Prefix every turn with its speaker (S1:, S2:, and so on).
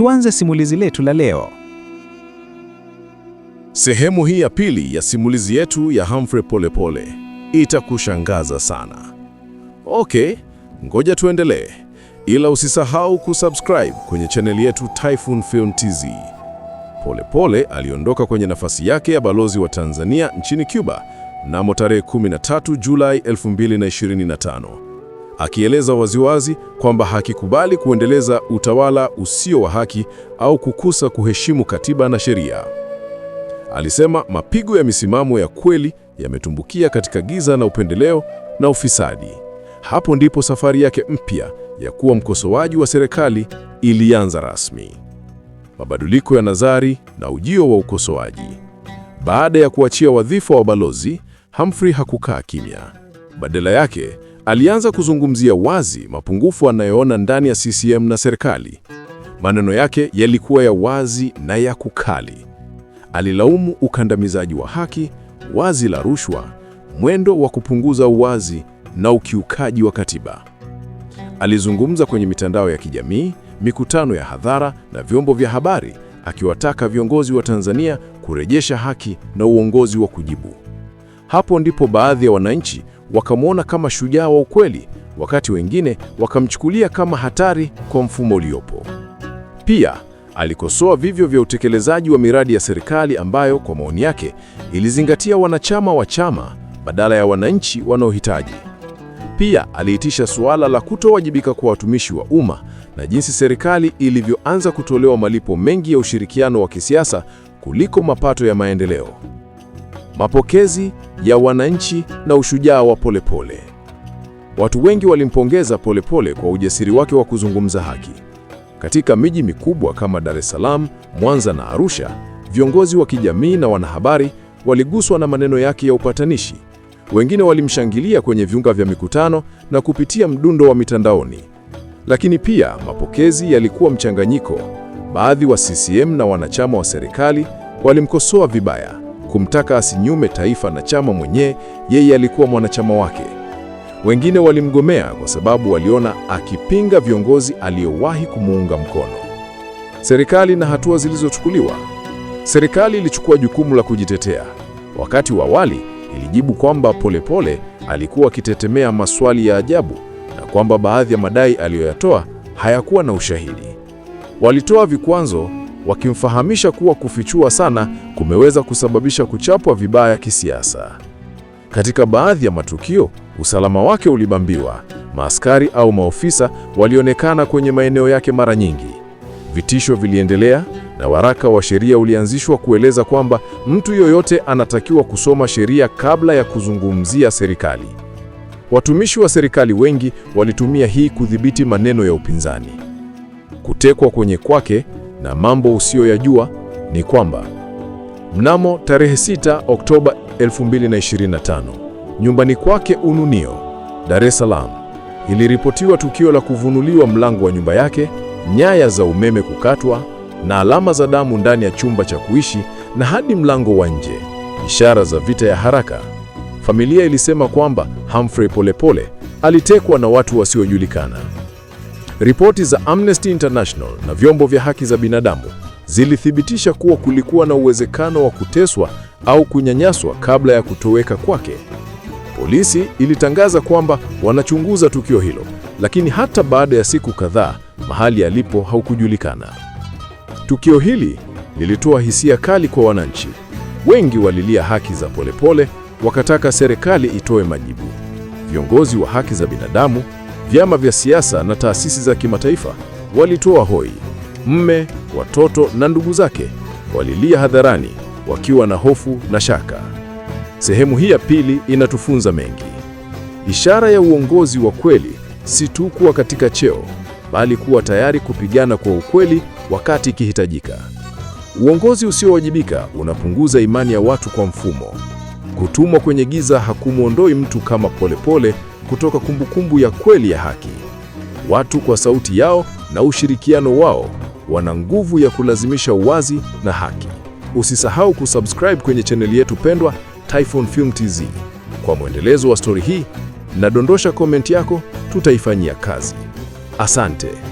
S1: Tuanze simulizi letu la leo.
S2: Sehemu hii ya pili ya simulizi yetu ya Humphrey Polepole itakushangaza sana. Okay, ngoja tuendelee, ila usisahau kusubscribe kwenye chaneli yetu Typhoon Film TZ. Polepole aliondoka kwenye nafasi yake ya balozi wa Tanzania nchini Cuba mnamo tarehe 13 Julai 2025 akieleza waziwazi kwamba hakikubali kuendeleza utawala usio wa haki au kukusa kuheshimu katiba na sheria. Alisema mapigo ya misimamo ya kweli yametumbukia katika giza na upendeleo na ufisadi. Hapo ndipo safari yake mpya ya kuwa mkosoaji wa serikali ilianza rasmi. Mabadiliko ya nazari na ujio wa ukosoaji. Baada ya kuachia wadhifa wa balozi, Humphrey hakukaa kimya. Badala yake alianza kuzungumzia wazi mapungufu anayoona ndani ya CCM na serikali. Maneno yake yalikuwa ya wazi na ya kukali. Alilaumu ukandamizaji wa haki, wazi la rushwa, mwendo wa kupunguza uwazi na ukiukaji wa katiba. Alizungumza kwenye mitandao ya kijamii, mikutano ya hadhara na vyombo vya habari, akiwataka viongozi wa Tanzania kurejesha haki na uongozi wa kujibu. Hapo ndipo baadhi ya wananchi wakamwona kama shujaa wa ukweli, wakati wengine wakamchukulia kama hatari kwa mfumo uliopo. Pia alikosoa vivyo vya utekelezaji wa miradi ya serikali ambayo kwa maoni yake ilizingatia wanachama wa chama badala ya wananchi wanaohitaji. Pia aliitisha suala la kutowajibika kwa watumishi wa umma na jinsi serikali ilivyoanza kutolewa malipo mengi ya ushirikiano wa kisiasa kuliko mapato ya maendeleo mapokezi ya wananchi na ushujaa wa Polepole. Watu wengi walimpongeza Polepole kwa ujasiri wake wa kuzungumza haki. Katika miji mikubwa kama Dar es Salaam, Mwanza na Arusha, viongozi wa kijamii na wanahabari waliguswa na maneno yake ya upatanishi. Wengine walimshangilia kwenye viunga vya mikutano na kupitia mdundo wa mitandaoni. Lakini pia mapokezi yalikuwa mchanganyiko. Baadhi wa CCM na wanachama wa serikali walimkosoa vibaya kumtaka asinyume taifa na chama mwenyewe, yeye alikuwa mwanachama wake. Wengine walimgomea kwa sababu waliona akipinga viongozi aliyowahi kumuunga mkono. Serikali na hatua zilizochukuliwa. Serikali ilichukua jukumu la kujitetea. Wakati wa awali ilijibu kwamba Polepole alikuwa akitetemea maswali ya ajabu na kwamba baadhi ya madai aliyoyatoa hayakuwa na ushahidi. Walitoa vikwazo wakimfahamisha kuwa kufichua sana kumeweza kusababisha kuchapwa vibaya kisiasa. Katika baadhi ya matukio, usalama wake ulibambiwa. Maaskari au maofisa walionekana kwenye maeneo yake mara nyingi. Vitisho viliendelea na waraka wa sheria ulianzishwa kueleza kwamba mtu yoyote anatakiwa kusoma sheria kabla ya kuzungumzia serikali. Watumishi wa serikali wengi walitumia hii kudhibiti maneno ya upinzani. Kutekwa kwenye kwake na mambo usiyoyajua ni kwamba mnamo tarehe 6 Oktoba 2025 nyumbani kwake Ununio, Dar es Salaam, iliripotiwa tukio la kuvunuliwa mlango wa nyumba yake, nyaya za umeme kukatwa na alama za damu ndani ya chumba cha kuishi na hadi mlango wa nje, ishara za vita ya haraka. Familia ilisema kwamba Humphrey Polepole alitekwa na watu wasiojulikana. Ripoti za Amnesty International na vyombo vya haki za binadamu zilithibitisha kuwa kulikuwa na uwezekano wa kuteswa au kunyanyaswa kabla ya kutoweka kwake. Polisi ilitangaza kwamba wanachunguza tukio hilo, lakini hata baada ya siku kadhaa mahali alipo haukujulikana. Tukio hili lilitoa hisia kali kwa wananchi. Wengi walilia haki za Polepole, wakataka serikali itoe majibu. Viongozi wa haki za binadamu vyama vya siasa na taasisi za kimataifa walitoa hoi. Mme, watoto na ndugu zake walilia hadharani wakiwa na hofu na shaka. Sehemu hii ya pili inatufunza mengi. Ishara ya uongozi wa kweli si tu kuwa katika cheo, bali kuwa tayari kupigana kwa ukweli wakati ikihitajika. Uongozi usiowajibika unapunguza imani ya watu kwa mfumo. Kutumwa kwenye giza hakumwondoi mtu kama Polepole kutoka kumbukumbu ya kweli ya haki. Watu kwa sauti yao na ushirikiano wao wana nguvu ya kulazimisha uwazi na haki. Usisahau kusubscribe kwenye chaneli yetu pendwa Typhoon Film TZ kwa mwendelezo wa stori hii, na dondosha komenti yako, tutaifanyia kazi. Asante.